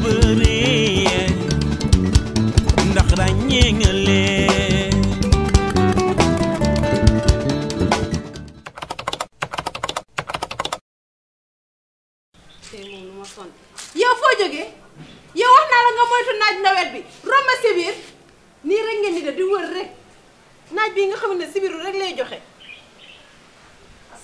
bëree ndax ràññee yow foo jógee yow wax naa la nga moytu naaj nawet bi romb sibir nii rek ngeen ni de di wër rek naaj bi nga xam ne sibiru rek lay joxe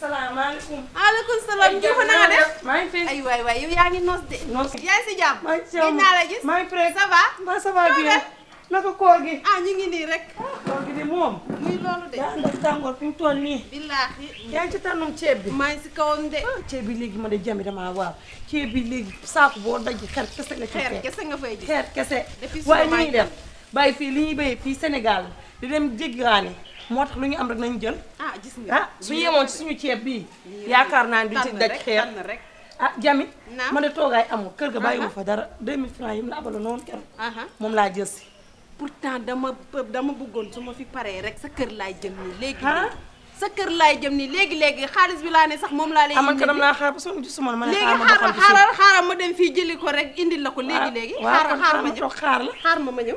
salaamaaleykum. maaleykum salaam Ndiouf na nga maa ngi fi ay waay waay yow yaa ngi noos de. noos yaa ngi si jàmm. maa ngi si jàmm naa la gis. maa ngi prêt ça va. maa bi va bien. naka gi. ah ñu ngi nii rek. Ah, koor gi de moom. muy loolu de. daa ànd ak tàngoor fi ñu toll nii. billaahi. yaa ngi ci tànnum ceeb bi. maa ngi si kawam de. Ah, ceeb bi léegi ma de jami damaa waaw. ceeb bi léegi saako boo dajji xeer kese nga. xeer kese nga fay ji xeer kese. depuis su ma waaye li ñuy def bàyyi fii li ñuy béyee fii senegal di dem jéggaane moo tax lu ñu am rek nañu jël. Ah, gis nga ah, su ñu yemoon suñu ceeb bii. yaakaar naa ne duñ ci daj xeer ah jami ma ne toogaay amul kër ga bàyyiwu fa dara 2000 francs yi mu la abaloon noonu keroog. moom laa jël si. pourtant dama dama bëggoon su ma fi paree rek sa kër laay jëm nii léegi. sa kër laay jëm nii léegi léegi xaalis bi laa ne sax moom laa lay. indi man kanam laa xaar ba soo gisuma ma ne xaaral ma xaaral xaaral ma dem fii jëli ko rek indil la ko. léegi léegi xaaral xaaral ma ñëw xaar ma ma ñëw.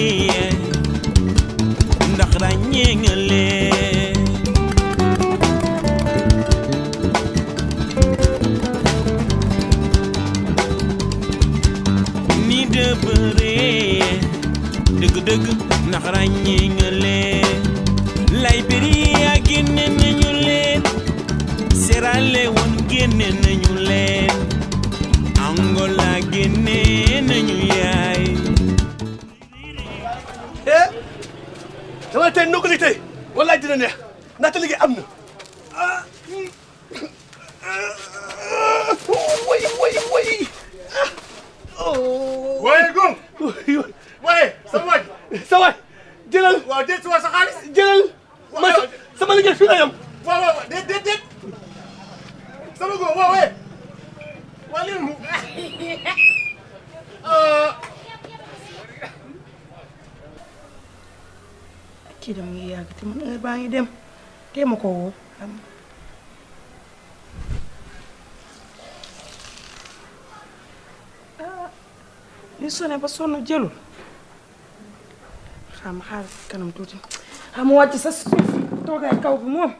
dëgg-dëgg ndax ràññee nga leen Liberia génne nañu leen Sierra génne nañu leen Angola génne nañu yaay eh dama tey nokku li tey wallaay dina neex ndaxte liggéey am na way way way way gong sa waay jëlal. sa ma sama liggéey fii la yem. waaw waaw déet déet euh. kii dama ngi yàgg te man heure baa ngi dem te ma ko woo xam ni ah, sone ba sonn jëlul xam ma xaaral kanam tuuti xam ma wàcc sa suuf toogaay kaw bi moom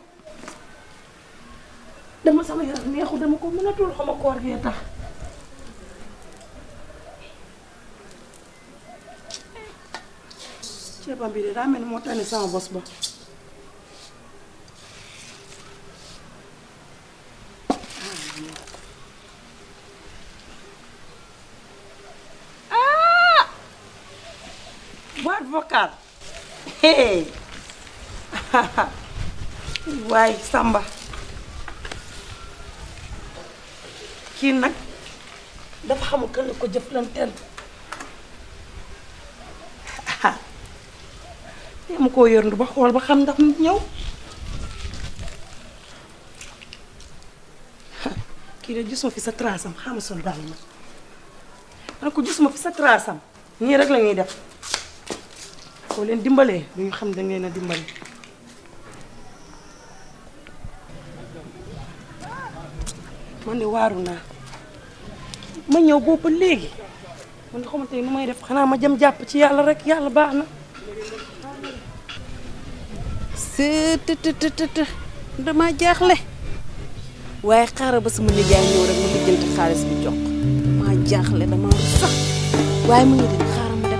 dama sama yaram neexu dama ko mënatul xama koor gee tax ceebam bi de daa mel moo tane sama bos ba ah vocal waaye sàmba kii nag dafa xamul kan la ko jëflanteel te mu koo yërndu ba xool ba xam ndax ñëw kii de gisuma fi sa trace am xaaral daal ma man ko gisuma fi sa trace am nii rek la def. ko len dimbalé lu ñu xam da ngay na dimbalé man de waaru naa ma ñëw boobu légui man xamante tay nu may def xana ma jëm japp ci yalla rek yàlla baax na sëtëtëtëtë dama jaxlé waaye xara ba sama nijaay ñew rek mu lijjanti xaaliss bi jox ma jaxlé dama sax waaye mu ngi di xaaral ma dem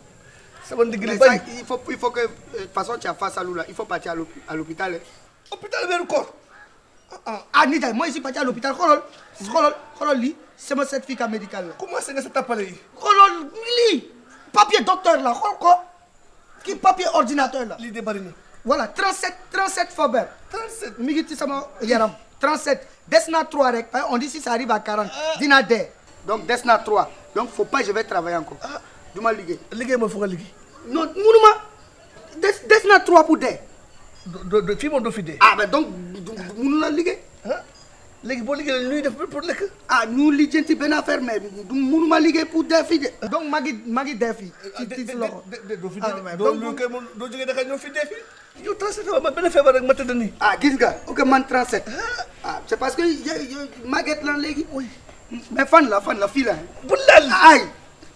il faut il faut que euh, façon tu as face à là il faut partir à l'hôpital hôpital weeru corps. ah, ah. ah nii moi, Je suis parti à l'hôpital C'est ma certificat médical Comment c'est t'appelle? sa tappale un papier docteur là, qui un papier ordinateur là L'idée de voilà 37 37 Faber. 37 37 dessna 3 on dit si ça arrive à 40 ah. dina 2. donc des 3 donc faut pas je vais travailler encore du ma liggéey. liggéey ma fu nga liggéey. non munu ma des des na trois pour dee. do do fii moom doo fi dee. ah mais donc munu la liggéey. léegi boo liggéeyee luy def pour lekk. ah ñu lijjanti benn affaire mais du munu ma liggéey pour dee fii de. donc maa ngi maa ngi dee fii. Ah, ci ci loxo doo fi dee ah, doo lu kay doo jógee da nga ñëw fi dee fii. yow 37 ma benn feebar rek ma tëdd nii. ah gis nga ok man 37. ah c'est parce que màgget lan léegi. oui mais fan la fan la fii la. bu laal ay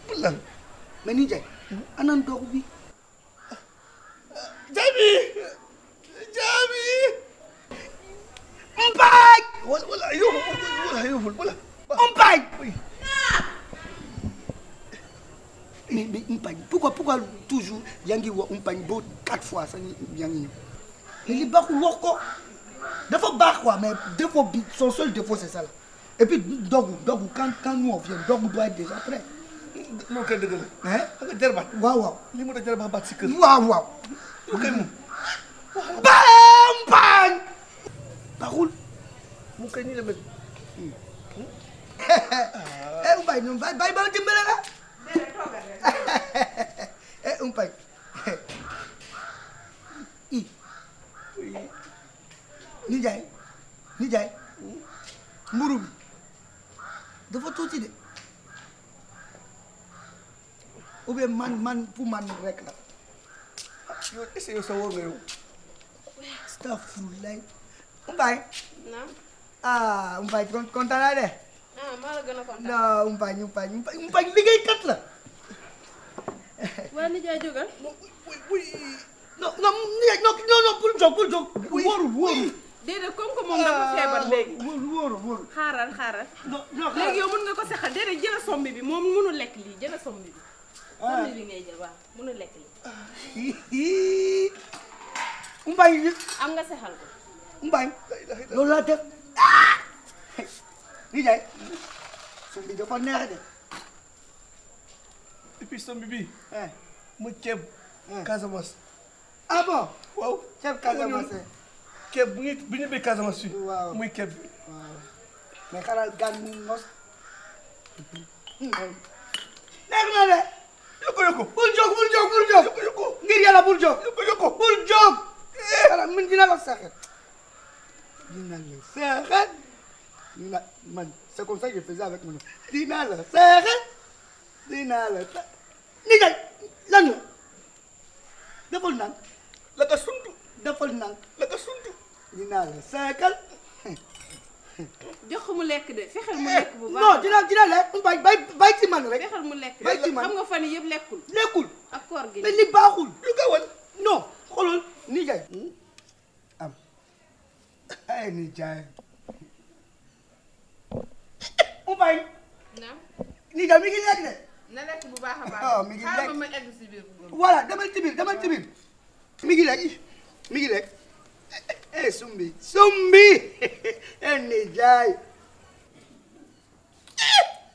bu laal. mais ni Ndiaye. anaan doogu bi. Jaabi Jaabi. Mpaaj. wala voilà, voilà, wala voilà. wala. Mpaaj. mais mais Mpaaj pourquoi pourquoi toujours yaa ngi wax Mpaaj boo quatre fois sax yaa ngi ñëw. li baaxul wax ko. fois bas quoi mais défaut fois son seul défaut c'est ça là et puis dogu, dogu quand quand nous on vient dogu doit être déjà prêt. loolu kay dëgg la. xam nga waaw waaw li mu doon jarbaat baat waaw waaw. lu baam baaxul. mu koy nii la mel. eh Mbaye ñoom Baye Baye la. man rek la yow est-ce que yow ah Umpay kontaan de. ah maa la gën a kontaan. non Umpay Umpay Umpay liggéeykat la. waa Ndiaye jógal. non non non non bul jóg bul jóg. wóorul wóorul. déedéet moom dafa feebar ah, léegi. wóorul wóorul wóorul. xaaral xaaral. léegi yow mën nga ko saxal déedéet jëla sombi bi moom mënul lekk lii jëla sombi bi. ah bi ngay jël waaw mën na lekk li. Mbañ li. am nga sexal ko. Mbañ. loolu laa def. lii jaay. sëñ bi dafa neex de. et puis sëñ bi bii. Eh. mu ceeb. Eh. Casamance. ah bon. waaw ceeb Casamance. Eh. ceeb bu ñu bu ñu béy Casamance bi. waaw muy ceeb bi. waaw mais xanaa gàncax gi mos. Hmm. nekk na de. yokku yokku bul jóg bul ngir yàlla bul jóg. yokku yokku bul jóg. voilà la saaxal. dina la saaxal. dina la saaxal. sa. ni nga lan la. defal naan. la ka suntu. defal la ka suntu. la saaxal. jox mu lekk de fexeel mu lekk bu eh, baax. non dina dina ci man rek fexeel mu lekk bay ci man xam nga fan yëpp lekkul lekkul ak gi te li baaxul lu gawal non xoolal ni jaay hmm? am ay ni jaay bu baax a baax waaw ah, mi ngi lekk ma egg si biir voilà demal ngi lekk mi ngi lekk eh, eh, eh, sumbi sumbi eh ni jaay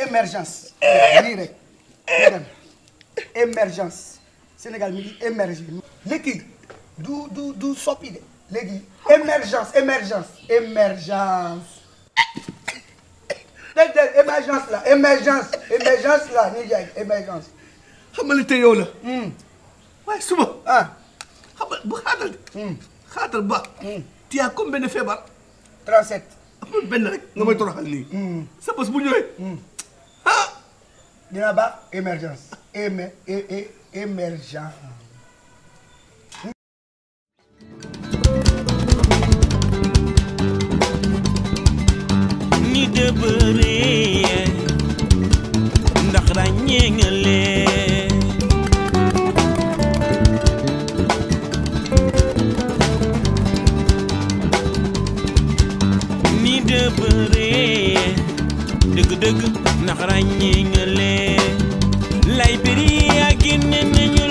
émergence émergence Sénégal me dit émergence. léegi du du du émergence émergence émergence émergence là. émergence émergence ni émergence xamale te yow la hmm. ah. hmm. hmm. tu comme 37 dina e, e, ni de bëree ndax ràññee nga ni de bëree dëgg-dëgg ndax ràññee nga Maria,